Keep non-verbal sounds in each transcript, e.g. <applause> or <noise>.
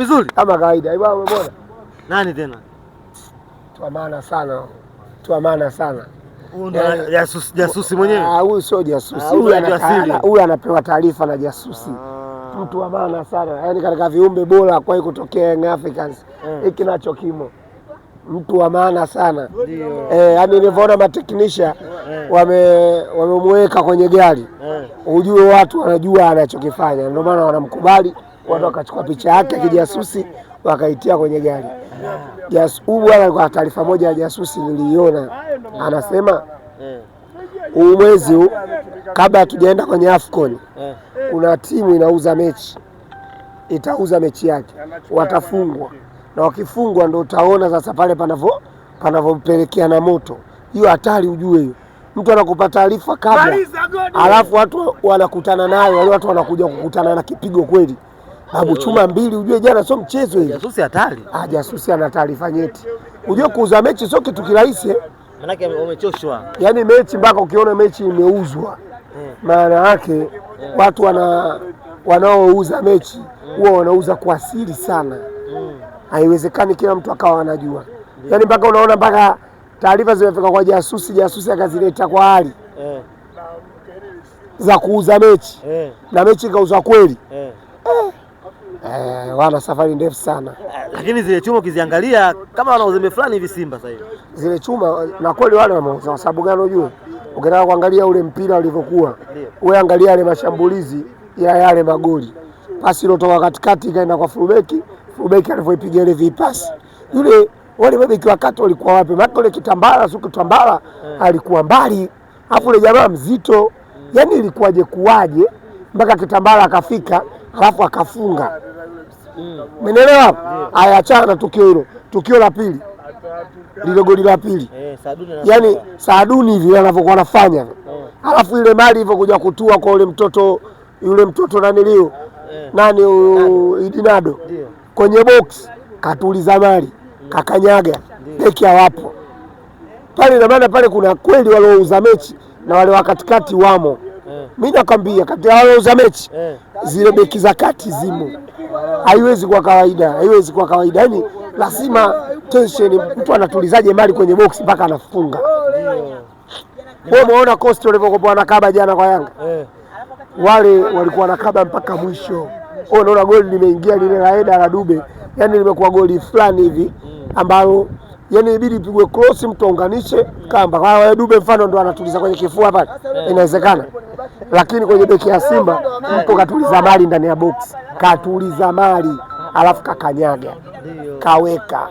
Vizuri kama kawaida. wewe Umeona nani tena Tu maana sana, Tu maana sana Huyu ndo eh, jasusi, jasusi mwenyewe Ah, huyu sio jasusi, ah, huyu Huyu anapewa taarifa na jasusi mtu ah. wa maana sana yaani, katika viumbe bora kwa hiyo kutokea Young Africans eh. hiki hmm, nacho kimo mtu wa maana sana Ndio. eh, yaani nilivyoona mateknisha eh. wame wamemweka kwenye gari ujue watu wanajua anachokifanya, ndio maana wanamkubali watu wakachukua picha yake kijasusi wakaitia kwenye gari. Huu bwana, kwa taarifa moja ya jasusi niliiona, anasema huu mwezi huu kabla hatujaenda kwenye Afcon kuna timu inauza mechi, itauza mechi yake, watafungwa na wakifungwa, ndo utaona sasa pale panavo na moto. Hiyo hatari, ujue hiyo mtu anakupa taarifa kabla, alafu watu wanakutana nayo, wale watu wanakuja kukutana na kipigo kweli. Babu eh, chuma mbili, ujue jana sio mchezo. Jasusi hatari. Ah, jasusi ana taarifa nyeti. Ujue kuuza mechi sio kitu kirahisi. Eh. Manake umechoshwa. Yaani mechi mpaka ukiona mechi imeuzwa hmm. Maana yake hmm. Watu wana wanaouza mechi huwa hmm. wanauza kwa siri sana hmm. Haiwezekani kila mtu akawa anajua hmm. Yaani mpaka unaona mpaka taarifa zimefika kwa jasusi, jasusi akazileta kwa hali hmm. za kuuza mechi hmm. na mechi ikauzwa kweli hmm. Eh, wana safari ndefu sana lakini zile chuma ukiziangalia kama wana uzembe fulani hivi Simba sasa hivi. Zile chuma na kweli wale wameuza, sababu gani? Unajua, ukitaka kuangalia ule mpira ulivyokuwa, wewe angalia yale mashambulizi ya yale magoli, pasi ilotoka katikati ikaenda kwa fullback, fullback alivyoipiga ile vipasi yule, wale mabeki wakati walikuwa wapi? Maana yule kitambala siku kitambala yeah, alikuwa mbali, alafu yule jamaa mzito, yani ilikuwaje kuwaje mpaka kitambala akafika alafu akafunga Umeelewa? Mm. Haya, achana na tukio hilo. Tukio la pili lile goli la pili, eh, yaani Saaduni hivi anavyokuwa anafanya, oh. alafu ile mali hivyo kuja kutua kwa ule mtoto yule mtoto nani leo eh. nani Idinado kwenye box katuliza mali mm. kakanyaga beki hawapo pale, na maana pale kuna kweli waliouza mechi na wale wa katikati wamo mi Mimi nakwambia katika za mechi eh. zile beki za kati zimo, haiwezi kuwa kawaida, haiwezi kuwa kawaida. Yaani lazima tension, mtu anatulizaje mali kwenye box mpaka anafunga. Wewe umeona Costa walivyokuwa kaba jana kwa Yanga eh, wale walikuwa na kaba mpaka mwisho. Wewe unaona goli limeingia lile la Eda la Dube, yaani limekuwa goli fulani hivi mm. ambalo yani ibidi pigwe cross mtu aunganishe kamba. Kwa hiyo Dube mfano ndo anatuliza kwenye kifua pale, inawezekana, lakini kwenye beki ya Simba mtu katuliza mali ndani ya box, katuliza mali alafu kakanyaga kaweka.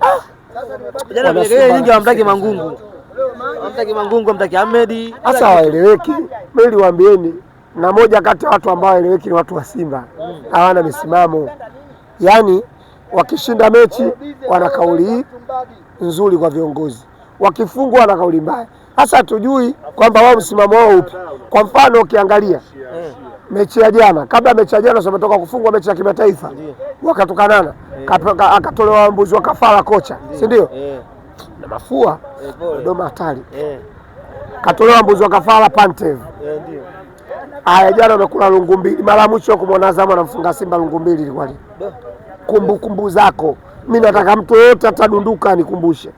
Ah, nyingi wamtaki Mangungu, wamtaki Mangungu, wamtaki Ahmed, hasa waeleweki. Mimi niwaambieni, na moja kati ya watu ambao waeleweki ni watu wa Simba, hawana misimamo yani Wakishinda mechi wana kauli nzuri kwa viongozi, wakifungwa wana kauli mbaya. Sasa hatujui kwamba wao msimamo wao upi. Kwa mfano ukiangalia mechi ya jana, kabla mechi ya jana wametoka kufungwa mechi ya kimataifa, wakatukanana, akatolewa mbuzi wa kafara kocha, si ndio? na mafua Dodoma hatari, katolewa mbuzi wa kafara Pantev. Haya, jana wamekula lungu mbili. Mara mwisho kumwona Azam anamfunga Simba lungu mbili ilikuwa kumbukumbu kumbu zako. Mi nataka mtu yoyote atadunduka anikumbushe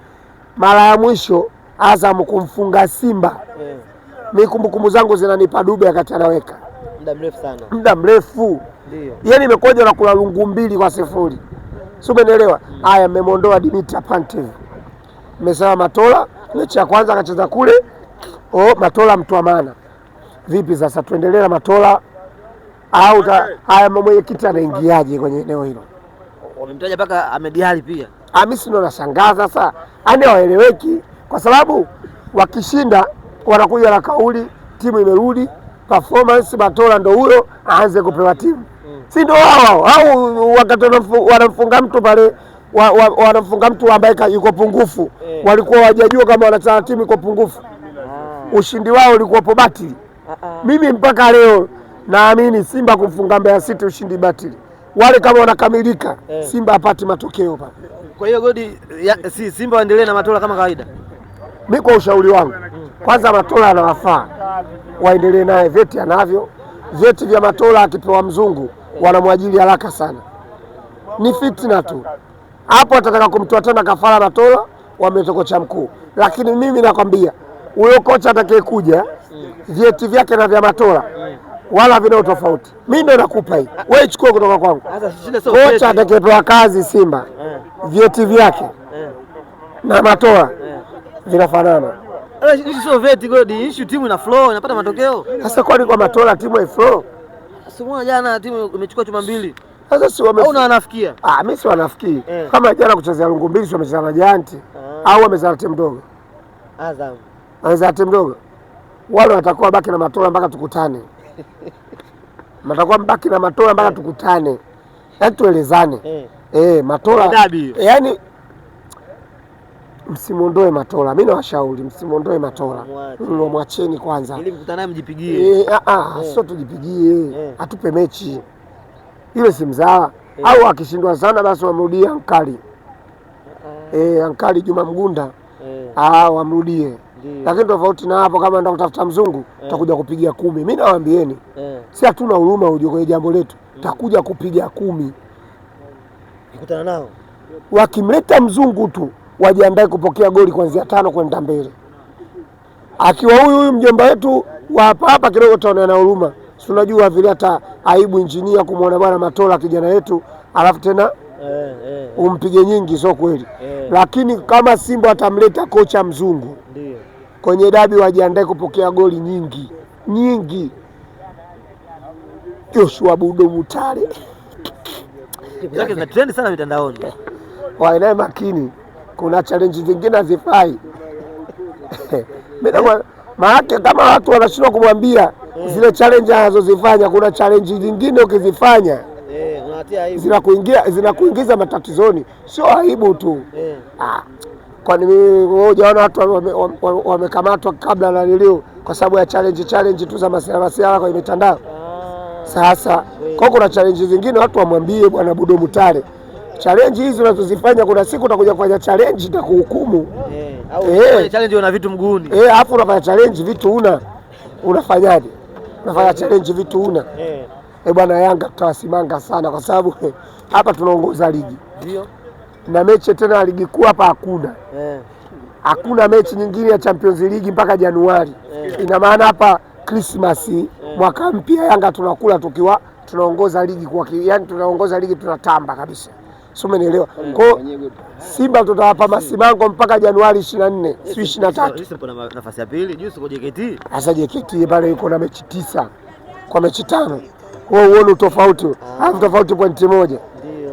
mara ya mwisho Azam kumfunga Simba yeah. Mi kumbukumbu zangu zinanipa Dube wakati anaweka muda mrefu sana, muda mrefu yeye yaani nimekoja na kula lungu mbili kwa sifuri, si umenielewa? Mm. Haya, mm. Mmemwondoa Dimitar Pantev, mmesema Matola mechi ya kwanza akacheza kule. Oh, Matola mtu wa maana. Vipi sasa tuendelee na Matola au haya, mwenyekiti anaingiaje kwenye eneo hilo? wamemtaja mpaka Ahmed Ally pia. Ah, mimi sio nashangaa sasa, yaani waeleweki kwa sababu wakishinda wanakuja na kauli timu imerudi performance, Matola ndo huyo aanze kupewa timu, mm. si ndo wao au wakati wanamfunga mtu pale wa, wa, mtu ambaye yuko pungufu mm. Walikuwa wajajua kama wanataka timu iko pungufu ah. Ushindi wao ulikuwa po batili ah, ah. Mimi mpaka leo naamini Simba kumfunga Mbeya City ushindi batili wale kama wanakamilika eh, Simba apati matokeo pale. Kwa hiyo Godi ya, si, Simba waendelee na Matola kama kawaida. Mi kwa ushauri wangu kwanza, Matola anawafaa waendelee naye, vyeti anavyo, vyeti vya Matola akipewa mzungu wanamwajili haraka sana, ni fitna tu hapo. Atataka kumtoa tena kafara Matola, wametokocha kocha mkuu, lakini mimi nakwambia huyo kocha atakayekuja vyeti vyake na vya Matola wala vina tofauti. Mimi ndo nakupa hii, wewe chukua kutoka kwangu. Kocha atakayepewa kazi Simba, eh. vyeti vyake eh. na matoa eh. vinafanana. Sio vyeti godi, issue timu ina flow, inapata matokeo. Sasa kwani kwa matola timu ina flow? Simuona jana timu imechukua chuma mbili. Sasa si wame... au na wanafikia? Ah, mimi si wanafikii. Eh. Kama jana kuchezea lungu mbili si wamecheza na Giant ah. Au wamezaa timu ndogo? Azam. Wamezaa timu ndogo. Wale watakuwa baki na matola mpaka tukutane. <laughs> matakuwa mbaki na Matola mpaka eh. tukutane, yaani tuelezane eh. Eh, Matola eh, yaani msimuondoe Matola, mi nawashauri msimuondoe Matola, mm, mwacheni kwanza ili mkutane mjipigie. Eh, ah, ah, eh. Sio tujipigie eh. Atupe mechi ile si mzaa Au akishindwa sana basi wamrudie ankali eh. Eh, ankali Juma Mgunda eh. Ah, wamrudie lakini tofauti na hapo, kama enda kutafuta mzungu eh. takuja kupiga kumi. Mi nawaambieni eh. si hatuna huruma huju kwenye jambo letu, mm. takuja kupiga kumi. Nikutana nao wakimleta mzungu tu wajiandae kupokea goli kuanzia tano kwenda mbele. Akiwa huyu huyu mjomba wetu wa hapa hapa kidogo, taona na huruma, si unajua vile, hata aibu injinia kumwona bwana Matola kijana yetu, alafu tena eh, eh, umpige nyingi, sio kweli eh. Lakini kama Simba atamleta kocha mzungu ndio kwenye dabi wajiandae kupokea goli nyingi nyingi. Joshua Budo Mutale zake sana mitandaoni, waenaye makini, kuna challenge zingine hazifai <laughs> maake kama watu wanashindwa kumwambia zile challenge anazozifanya, kuna challenge zingine ukizifanya eh, zinakuingia zinakuingiza matatizoni, sio aibu tu eh. ah kwani ujaona watu wamekamatwa wame, wame kabla na nilio kwa sababu ya challenge challenge tu za masuala masuala kwenye mitandao. Ah. Sasa kwa kuna challenge zingine watu wamwambie bwana Budo Mutale, challenge hizi unazozifanya kuna siku utakuja kufanya challenge na kuhukumu Eh, eh. challenge una vitu mguuni. Eh, afu unafanya challenge vitu una unafanyaje? Unafanya challenge vitu una. Eh, eh bwana, Yanga tutawasimanga sana kwa sababu <laughs> hapa tunaongoza ligi. Ndio na mechi tena ya ligi kuu hapa hakuna yeah. Hakuna mechi nyingine ya Champions League mpaka Januari yeah. Ina maana hapa Christmas yeah. Mwaka mpya Yanga tunakula tukiwa tunaongoza ligi kwa yani, tunaongoza ligi tunatamba kabisa, sio umeelewa? Eh, kwa hiyo Simba tutawapa masimango mpaka Januari 24 sio 23. Nafasi ya pili juu kwa JKT. Sasa JKT pale yuko na mechi tisa kwa mechi tano, wewe uone tofauti, ah. alafu tofauti pointi moja,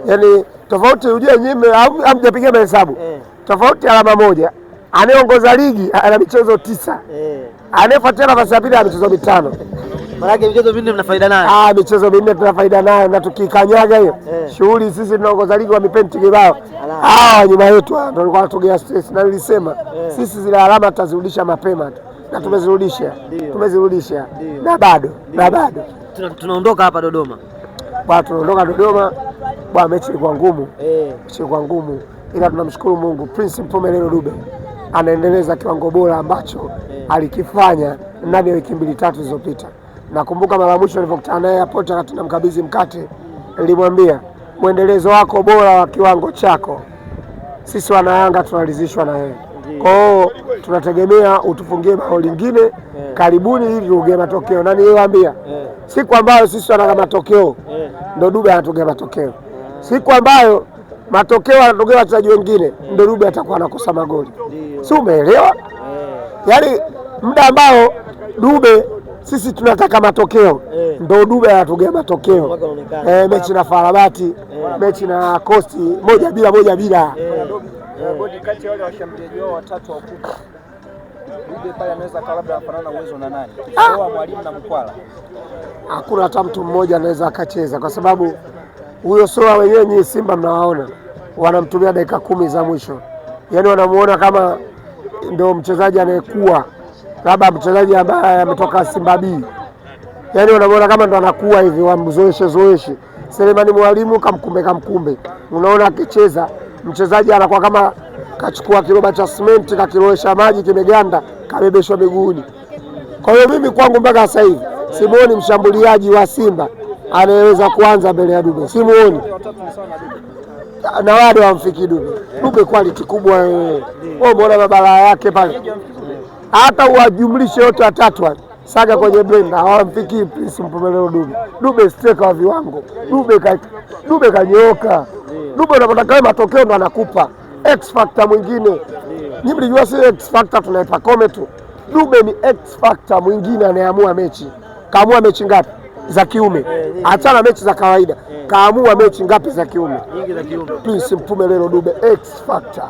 yaani tofauti, ujue nyime amjapiga mahesabu eh. Tofauti alama moja, anayeongoza ligi ana michezo tisa eh. Anayefuatia nafasi ya pili ana michezo mitano <laughs> Manake michezo minne mna faida nayo. Ah, michezo minne tuna faida nayo na tukikanyaga hiyo eh, shughuli sisi tunaongoza ligi wa mipenti kibao. Ah, nyuma yetu ndio walikuwa wanatugea stress na nilisema eh, sisi zile alama tutazirudisha mapema tu na tumezirudisha tumezirudisha na bado na bado tunaondoka hapa Dodoma tunadondoka Dodoma bwana, mechi ilikuwa ngumu, eh. mechi ilikuwa ngumu, ila tunamshukuru Mungu Prince Mpumelelo Dube anaendeleza kiwango bora ambacho eh. alikifanya ndani ya wiki mbili tatu zilizopita. Nakumbuka mara mwisho nilipokutana naye hapo wakati namkabidhi mkate, nilimwambia mwendelezo wako bora wa kiwango chako, sisi wanayanga tunaridhishwa na wewe. Kwa hiyo tunategemea utufungie bao lingine eh. karibuni, ili tuongee matokeo. Nani niwaambia siku ambayo sisi wana matokeo ndo Dube anatokea matokeo, siku ambayo matokeo anatokea wachezaji wengine ndo Dube atakuwa anakosa magoli, si umeelewa? Yaani muda ambao Dube sisi tunataka matokeo ndo Dube anatugea matokeo e, mechi na Farabati, mechi na Kosti moja bila moja bila Dube pale anaweza akawa labda anafanana uwezo na nani? Ah! Kwa mwalimu na Mkwala. Hakuna hata mtu mmoja anaweza akacheza kwa sababu huyo Soa wenyewe nyinyi Simba mnawaona wanamtumia dakika kumi za mwisho, yaani wanamuona kama ndo mchezaji anayekuwa labda mchezaji ambaye ametoka Simba B, yaani wanamuona kama ndo anakuwa hivi, wamzoeshe zoeshe. Selemani Mwalimu kamkumbe kamkumbe, unaona akicheza mchezaji anakuwa kama kachukua kiroba cha simenti kakilowesha maji, kimeganda, kabebeshwa miguuni. Kwa hiyo mimi kwangu mpaka sasa hivi simuoni mshambuliaji wa Simba anayeweza kuanza mbele ya Dube, simuoni na wado wamfiki Dube. Dube quality kubwa wewe, umeona mabala yake pale, hata uwajumlishe wote watatu saga kwenye blender hawamfiki Prince Mpomelelo Dube. Dube striker wa viwango, Dube kanyooka, Dube unapotaka matokeo ndo anakupa. X factor mwingine. Ni mlijua si X factor tunaipa kome tu. Dube ni X factor mwingine anayeamua mechi. Kaamua mechi ngapi za kiume? Achana mechi za kawaida. Kaamua mechi ngapi za kiume? Please mtume lelo Dube X factor.